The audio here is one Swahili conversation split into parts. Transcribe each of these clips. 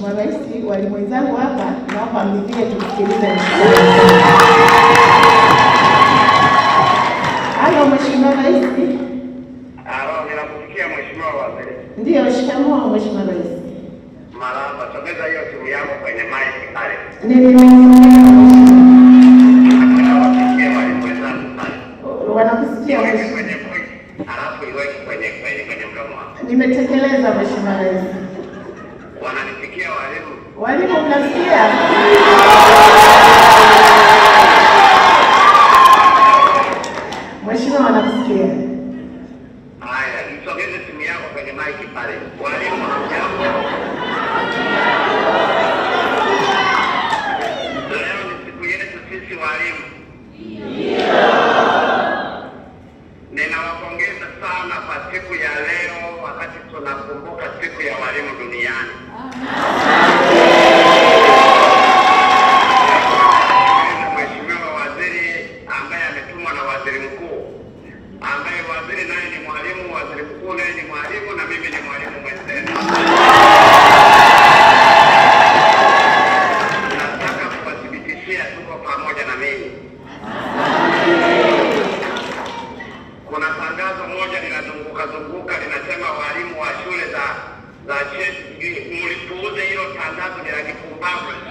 Mheshimiwa Rais, walimu wenzangu hapa, naomba mridhie tumsikilize halo. Mheshimiwa Rais. Ah, Ndiyo, shikamoo Mheshimiwa Rais. Marahaba, sogeza hiyo simu yako kwenye maiki pale. Wanakusikia Mheshimiwa. Alafu iweke kwenye kwenye Nimetekeleza Mheshimiwa Rais wananifikia walimu. Walimu mnasikia? mkuu naye ni mwalimu na mimi ni mwalimu mwenzenu. Nataka kuwathibitishia tuko pamoja na mimi. Kuna tangazo moja linazunguka zunguka linasema walimu wa shule za za cheti, mlipuuze hilo tangazo, ni la kipumbavu.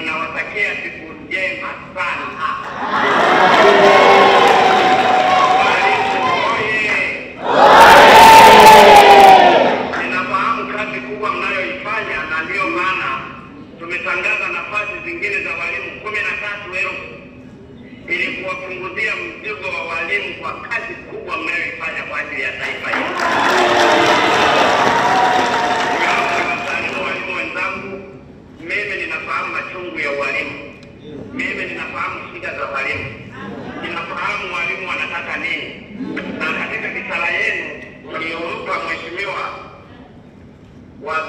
ninawatakia siku njema sana. kazi kubwa na ndiyo maana tumetangaza nafasi zingine za kumi na tatu ili kuwapunguzia mzigo wa walimu kwa kazi kubwa mnayoifanya kwa ajili ya taifa hili.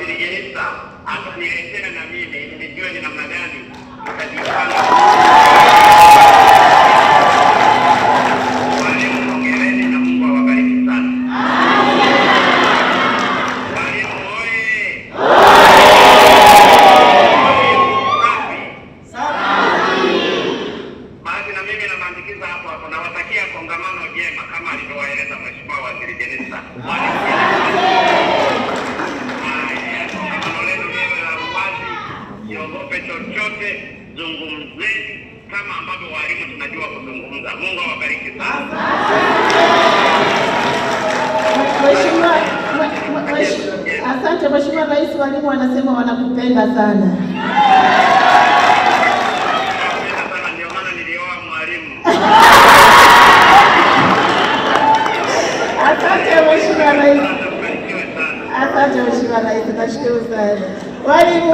Pastor Jenista akaniletea na mimi nijue ni namna gani nitajipanga wanajua kuzungumza. Mungu awabariki sana. Asante Mheshimiwa Rais, walimu wanasema wanakupenda sana. Asante Mheshimiwa Rais. Asante Mheshimiwa Rais, nashukuru sana. Walimu